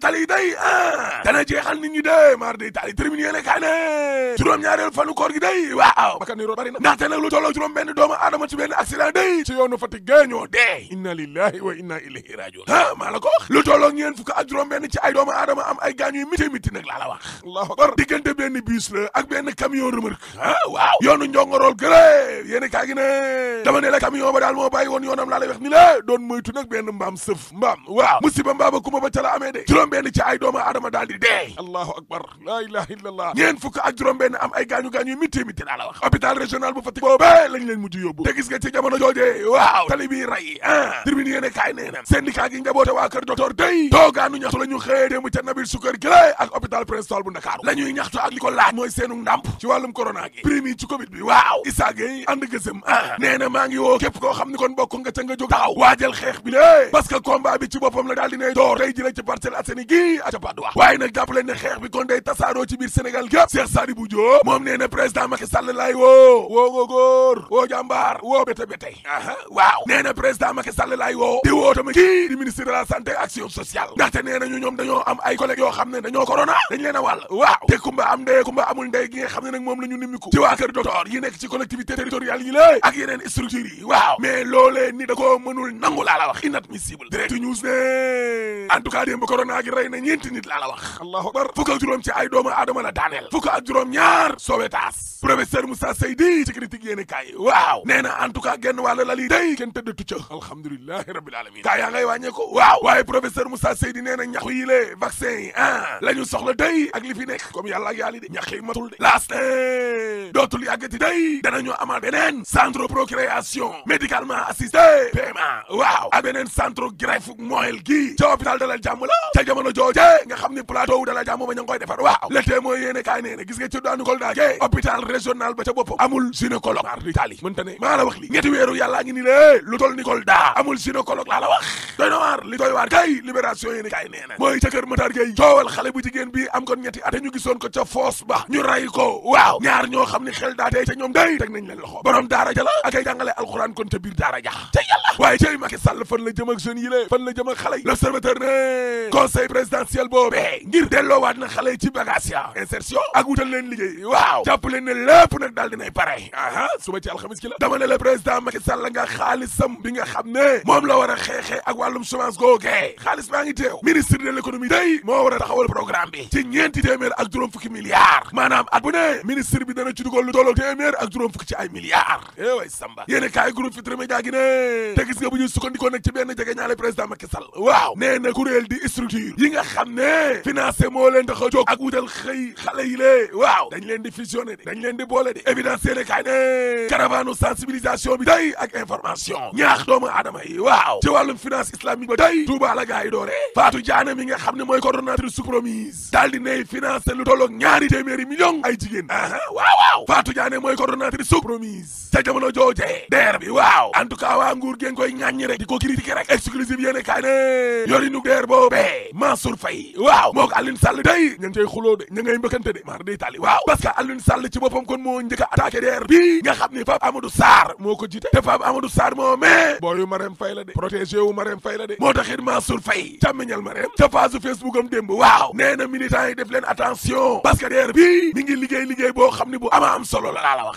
tali yi day ah jeexal nit ñi de tali terminé yéene kaay juróom-ñaareelu fanu koor gi day waaw bakkan ni lu tolloo juróom benn doomu aadama ci benn accident day ci yoonu Fatick gaañoo dee inna lillahi wa inna ilayhi rajiun ah maa ko wax lu tolloo ñeen fukk ak juróom benn ci ay doomu aadama am ay gaañu yu miti miti nag laa la wax allahu akbar diggante benn bus la ak benn camion remorque ah waaw yoonu njongorool gële yéene kaay dama ne juróom-benn ci ay doomu aadama daal di dee allahu akbar laa ilaha illallah ñeen ay gaañu-gaañu mitti mitti laa la wax bu Fatick boobee lañ leen mujj yóbbu te gis nga jooje waaw tali bi ray ah tribune yéene kaay nee na syndicat gi njaboote waa ñaxtu la ñu xëyee démb ca Nabil Sukar ak hôpital principal bu Ndakaaru la ñuy ñaxtu ak ko laaj mooy seenu ndàmp ci wàllum corona gi ci covid bi waaw Issa Gueye ànd gësëm ah nee Mauritanie a aca Patte d'Oie waaye nag jàpp leen ne xeex bi kon day tasaaroo ci biir Sénégal gépp Cheikh Sadibou Diop moom nee na président Macky Sall woo woo góogóor woo jàmbaar woo béte béte aha waaw nee na président Macky Sall woo di woo tamit kii di ministre de la santé action sociale ndaxte nee nañu ñoom dañoo am ay collègues yoo xam ne dañoo corona dañ leen a waaw te kumba am ndey kumba amul ndey gi xam ne nag moom la ñu nimmiku ci waa kër yi nekk ci collectivité rey na ñeenti nit laa la wax allahu akbar fukk ak juróom ci ay doomu aadama la daaneel fukk ak juróom ñaar Sowetaas professeur Moussa Seydi ci critique yéene kaay waaw nee na en tout la lii day kenn tëddatu ca alhamdulilahi rabbil alamin kaa yaa ngay wàññee ko waaw waaye professeur Moussa Seydi nee na ñaxu vaccin yi ah, la ñu soxla day ak li fi nekk comme yàlla ak yàlli di ñax yi matul de danañu amaat beneen centre procréation médicalement gi ca hôpital Dalal Jàmm la jamono jooje nga xam ni plateau wu dala jàmm ma ña koy defar waaw le témoin yéene kaay nee gis nga ci daanu Kolda ge hôpital régional ba ca boppam amul gynécologue ar d'Italie mënta ne maa la wax li ñetti weeru yàllaa ngi ni lée lu tol amul gynécologue laa la doy na waar li doy waar kay libération yéene kaay nee mooy ca kër Matar Gueye joowal xale bu jigéen bi am kon ñetti at ñu gisoon ko ca foos ba ñu ray ko waaw ñaar ñoo xam ni xel daa présidentielle boobee ngir delloowaat na xale yi ci ak wutal leen liggéey waaw jàpp leen ne lépp nag daal dinay pare aha suba ci alxamis dama ne président Macky Sall nga xaalisam bi nga xam ne moom la war a xeexee ak wàllum chômage googee xaalis baa ngi teew ministre de l'économie day moo war a taxawal programme bi ci ñeenti téeméer ak juróom fukki milliards maanaam at bu ne ministre bi dana ci lu tolloog téeméer ak juróom fukki ci ay structure yi nga xam ne financé moo leen tax a jóg ak wutal xëy xale yi lée waaw dañ leen di fusionné di dañ leen di boole di évidence yéene kaay ne caravane sensibilisation bi day ak information ñaax doomu aadama yi waaw ci wàllum finance islamique ba day Touba la gaa yi doore Fatou Diané mi nga xam ne mooy coordonnatrice su promise daal di ney financé lu tolloog ñaari téeméeri million ay jigéen aha waaw waaw Fatou Diané mooy coordonnatrice su promise ca jamono joojee deer bi waaw en tout cas rek di ko critiquer rek exclusive Mansour Faye waaw moo ko Alioune day ña cay xuloo de ña ngay de maar day tali waaw parce que Alioune ci boppam kon moo njëkk a attaqué bii nga xam ni Pape Amadou Sarr moo ko jiite te Pape Amadou Sarr moo mais booyu Marème Faye la de protégé wu Marème Faye la de moo taxit Mansour Faye càmmiñal Marème ca phase Facebook am démb waaw nee na militants yi def leen attention parce que bii mi ngi liggéey liggéey boo xam ne bu ama am solo la laa la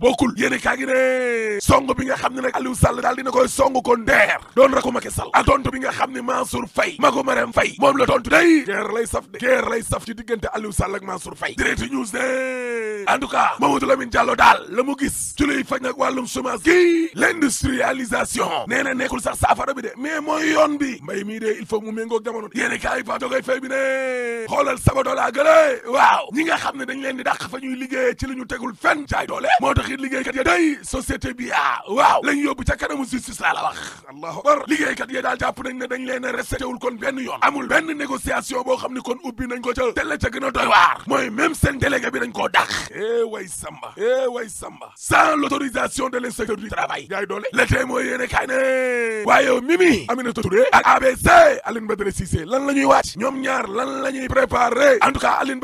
wax kaa bi nga xam ne nag Aliou Sall daal dina koy song ko ndeer doon rako Macky Sall ak tontu bi nga xam ne Mansour Faye mako Marème Faye moom la tontu day guerre lay saf de guerre lay saf ci diggante Aliou Sall ak Mansour Faye direct news de en tout cas Mamadou Lamine Diallo daal la mu gis ci luy faj nag wàllum chômage gi l'industrialisation nee nekkul sax saafara bi de mais mooy yoon bi mbay mii de il faut mu méngoo jamono yéene kaay pa jogoy fay bi fa ñuy liggéey ci li ñu tegul fenn jaay doole moo tax ay société bi ah waaw lañ yóbbu ca kanamu justice laa la wax allahu akbar dañ leen a respecté kon benn yoon amul benn négociation boo xam ne kon ubbi nañ ko ca te la ca gën a doy waar mooy même seen bi dañ koo dàq eh way samba eh way samba sans l'autorisation de l'inspecteur du travail yaay doole le témoin yéene kaay ne waaye Mimi Aminata Touré ak ABC Aline Badara Cissé lan la ñuy wàcc ñoom ñaar lan la ñuy préparé en tout cas Aline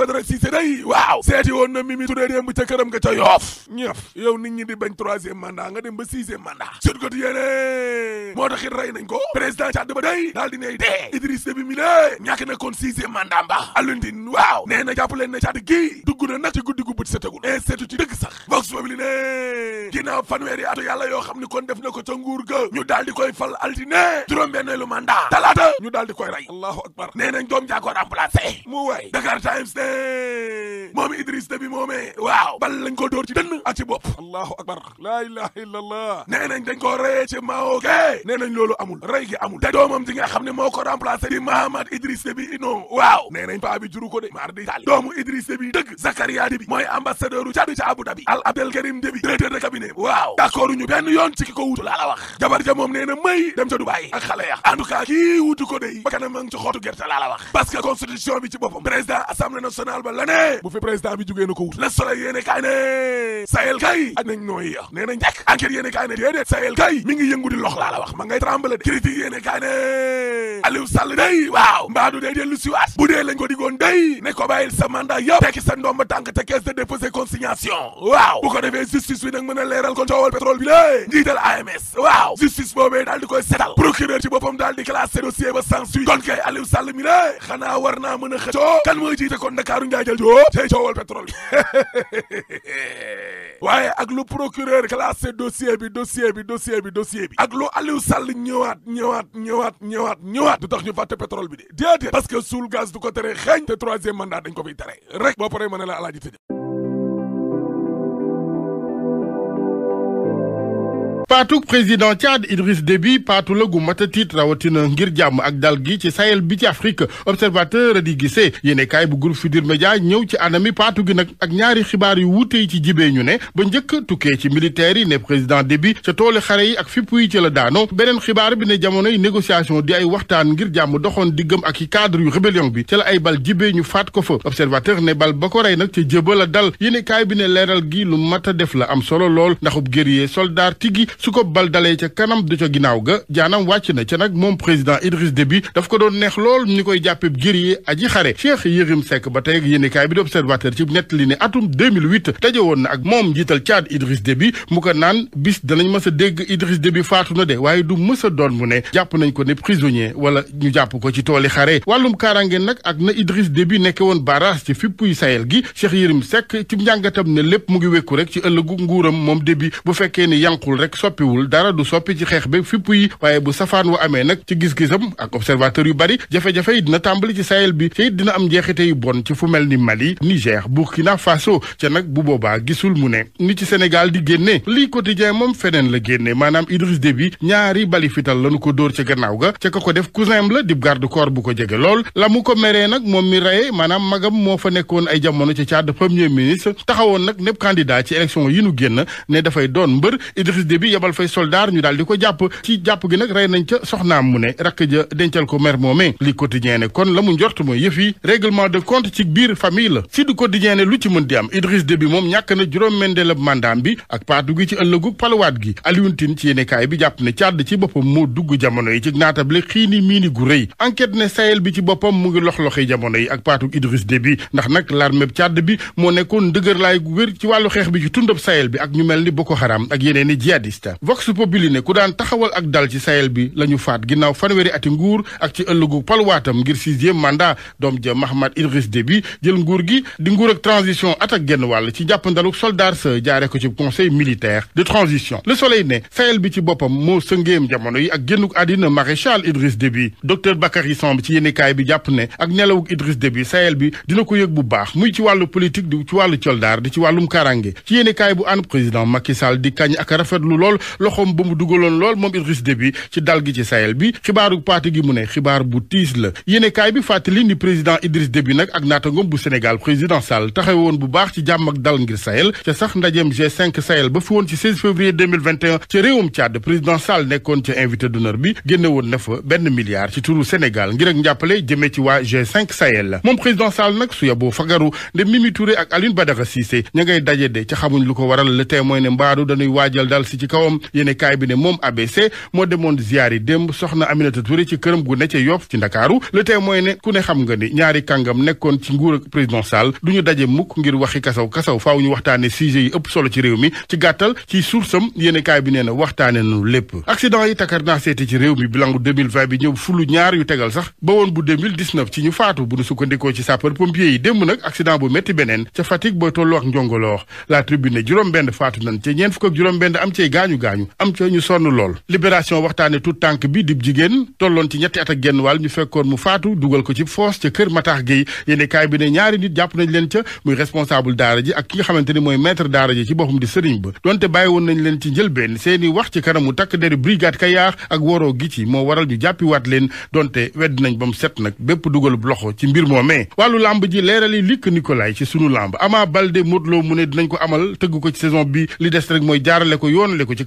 day waaw seeti woon na Mimi Touré démb ca këram nga ca yoof ñëf yow nit ñi di bañ troisième mandat nga dem ba sixième sut côté yéene moo tax it nañ ko président Tchad ba day daal dinay dee Idriss Déby mi ne kon sixième mandat mba alluntin waaw nee na ne Tchad gii dugg na ci guddi gu bët sa tegul institut ci dëgg sax vox populi ne ginnaaw fanweeri atu yàlla yoo xam ni kon def ko ca nguur ga ñu daal di koy fal altine juróom-benneelu mandat talaata ñu daal di koy rey allahu akbar nee nañ doom jaa ko akbar laa ilaha illa allah nee dañ koo reyee ci Mao ke nee loolu amul rey gi amul te doomam di nga xam ne moo ko remplacé di Mahamad Idriss Déby Itno waaw nee paa bi juru ko de maar di taali doomu Idriss Déby dëgg Zakaria Déby mooy ambassadeur u Tchad ca Abu Dhabi Al Abdel Karim Déby directeur de cabinet waaw d'accord ñu benn yoon ci ki ko wutu laa la wax jabar ja moom nee may dem ca Dubaï ak xale ya en tout kii wutu ko de bakana ma ngi ci xootu gerte laa que constitution bi ci yi ya nee na njëkk enquête yéene kaay ne déedéet Sahel kay mi ngi yëngu di lox laa la wax ma ngay trembler de critique yéene kaay ne Aliou Sall day waaw mbaadu day dellu si waat bu dee lañ ko digoon day ne ko bàyyil sa mandat yëpp tekki sa ndomba tànk te caisse de dépôt et waaw bu ko defee justice bi nag mën a leeral kon coowal pétrole bi njiital AMS waaw justice boobee daal di koy setal procureur ci boppam daal di classé dossier ba sans suite kon kay a procureur classé dossier bi dossier bi dossier bi dossier bi ak lu Aliou Sall ñëwaat ñëwaat ñëwaat ñëwaat ñëwaat du tax ñu fàtte pétrole bi de déedéet parce que suul gaz du ko tere xeeñ te troisième mandat dañ ko fiy tere rek boo paree mën a la alaaji tëj paatu président Tchad Idriss Déby paatu la gu matatit rawatina ngir jàmm ak dal gi ci Sahel bi ci Afrique observateur di gisee kaay bu groupe Futur Média ñëw ci anami paatu gi nag ak ñaari xibaar yu wuute yi ci jibee ñu ne ba njëkk tukkee ci militaire yi ne président Déby ca toolu xare yi ak fipp yi ci la daano beneen xibaar bi ne jamonoy négociation di ay waxtaan ngir jàmm doxoon diggam ak i cadre yu rébellion bi ca la ay bal jibee ñu faat ko fa observateur ne bal ba ko rey nag ca jëba la dal yéenekaay bi ne leeral gi lu mat a def la am solo lool ndaxub guerrier soldat tigi su ko bal dalee ca kanam du ca ginnaaw ga jaanam wàcc na ca nag moom président Idriss Déby daf ko doon neex lool ñu koy jàppee guerrier aji xare Cheikh Yérim Seck ba tey ak yéenekaay bi di observateur ci nettali ne atum 2008 daje woon na ak moom njiital Tchad Idriss Déby mu ko naan bis danañ mës a dégg Idriss Déby faatu na de waaye du mës a doon mu ne jàpp nañ ko ne prisonnier wala ñu jàpp ko ci tooli xare wàllum kaaraange nag ak na Idriss Déby nekke woon barrage ci fippuy Sahel gi Cheikh Yérim Seck ci njàngatam ne lépp mu ngi wékku rek ci ëllëgu nguuram moom Déby bu fekkee ne yànqul rek soppiwul dara du soppi ci xeex bi fipp yi waaye bu safaan wu amee nag ci gis-gisam ak observateur yu bari jafe-jafe yi dina tàmbali ci Sahel bi te it dina am njeexite yu bon ci fu mel ni Mali Niger Burkina Faso ca nag bu boobaa gisul mu ne ni ci Sénégal di génnee lii quotidien moom feneen la génne maanaam Idriss bi ñaari balifital fital lanu ko dóor ca gannaaw ga ca ka ko def cousin la di garde corps bu ko jege lool la mu ko meree nag moom mi rayee maanaam magam moo fa nekkoon ay jamono ci Tchad premier ministre taxawoon nag népp candidat ci yi nu génn ne yebal fay soldaar ñu daal di ko jàpp ci jàpp gi nag rey nañ ca soxnaam mu ne rakk ja dencal ko mer moomee li quotidien ne kon la mu njort mooy yëf yi règlement de compte ci biir famille la si du quotidien ne lu ci mën di am Idriss bi moom ñàkk na juróom mendeelab mandaam bi ak paatu gi ci ëllëgu paluwaat gi Alioune ci yéenekaay bi jàpp ne Tchad ci boppam moo dugg jamono yi ci naatable xiini miini gu rëy enquête ne Sahel bi ci boppam mu ngi lox-loxi jamono yi ak paatu Idriss Déby ndax nag l'armée Tchad bi moo nekkoon ndëgërlaay gu wér ci wàllu xeex bi ci tundab Sahel bi ak ñu mel ni Boko Haram ak yeneen i jihadiste ca vox populi ne ku daan taxawal ak dal ci Sahel bi la ñu faat ginnaaw fanweeri ati nguur ak ci ëllëgu paluwaatam ngir sixième mandat doom ja Mahamat Idriss Déby jël nguur gi di nguur ak transition at ak genn wàll ci jàppandalu soldat sa jaare ko ci conseil militaire de transition le soleil ne Sahel bi ci boppam moo sëngéem jamono yi ak génnuk àddina maréchal Idriss Déby docteur Bakary Samb ci yéenekaay bi jàpp ne ak nelawuk Idriss Déby bi dina ko yëg bu baax muy ci wàllu politique di ci wàllu soldat di ci wàllum karange ci yéenekaay bu ànd président Macky loxoom ba mu dugaloon lool moom Idriss Déby ci dal gi ci Sahel bi xibaaru parti gi mu ne xibaar bu tiis la yéenekaay bi fàttali ni président Idriss Déby nag ak naataangoom bu Sénégal président Sall woon bu baax ci jàmm ak dal ngir Sahel ca sax ndajeem G5 ba fi woon ci 16 février 2021 ca réewum Tchad président Sall nekkoon ca invité d'honneur bi génne woon na fa benn milliard ci turu Sénégal ngir ak njàppale jëmee ci waa G5 la moom président Sall nag su yaboo fagaru ne ak Alioune Badara Cissé ña ngay daje de ca xamuñ lu ko waral le témoin ne mbaadu dañuy waajal dal si ci kaw gannaawam yéen kaay bi ne moom ABC moo demoon ziyaari démb soxna Aminata Touré ci këram gu ne ca Yoff ci Ndakaaru le témoin ne ku ne xam nga ni ñaari kàngam nekkoon ci nguur ak président Sall du ñu daje mukk ngir waxi kasaw kasaw faaw ñu waxtaane sujet yi ëpp solo ci réew mi ci gàttal ci sursam yéen kaay bi nee na waxtaane nanu lépp accident yi takar naa seeti ci réew mi bilangu 2020 bi ñëw fulu ñaar yu tegal sax ba woon bu ci ñu faatu bu ñu sukkandikoo gaañu gaañu am ca ñu sonn lool libération waxtaane tout tànk bi dib jigéen tolloon ci ñetti at a genn wàll ñu fekkoon mu faatu dugal ko ci foos ca kër Mataax Guèye yéene kaay bi ne ñaari nit jàpp nañ leen ca muy responsable daara ji ak ki nga mooy maître daara ji ci boppam di sëriñ ba donte bàyyi woon nañ leen ci njëlbeen seeni wax ci kanamu takk deri brigade Kayar ak woroo gi ci moo waral ñu jàppiwaat leen donte wedd nañ ba set nag bépp dugalub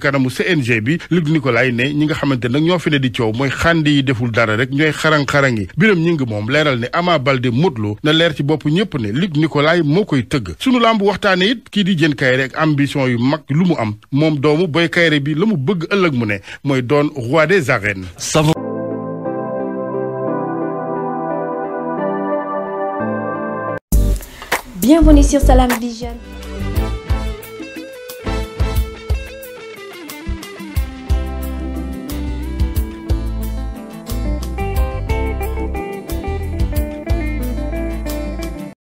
kanamu CNG bi Luc Nicolaï ne ñi nga xamante nag ñoo fi ne di coow mooy xandi yi deful dara rek ñooy xarang-xarang yi biram ñi ngi moom leeral ne Ama Baldé Modou Lô na leer ci bopp ñëpp ne Luc Nicolaï moo koy tëgg sunu lamb waxtaane it kii di jën kayre ak ambition yu mag lu mu am moom doomu boy kayre bi la mu bëgg ëllëg mu ne mooy doon roi des arènes Bienvenue sur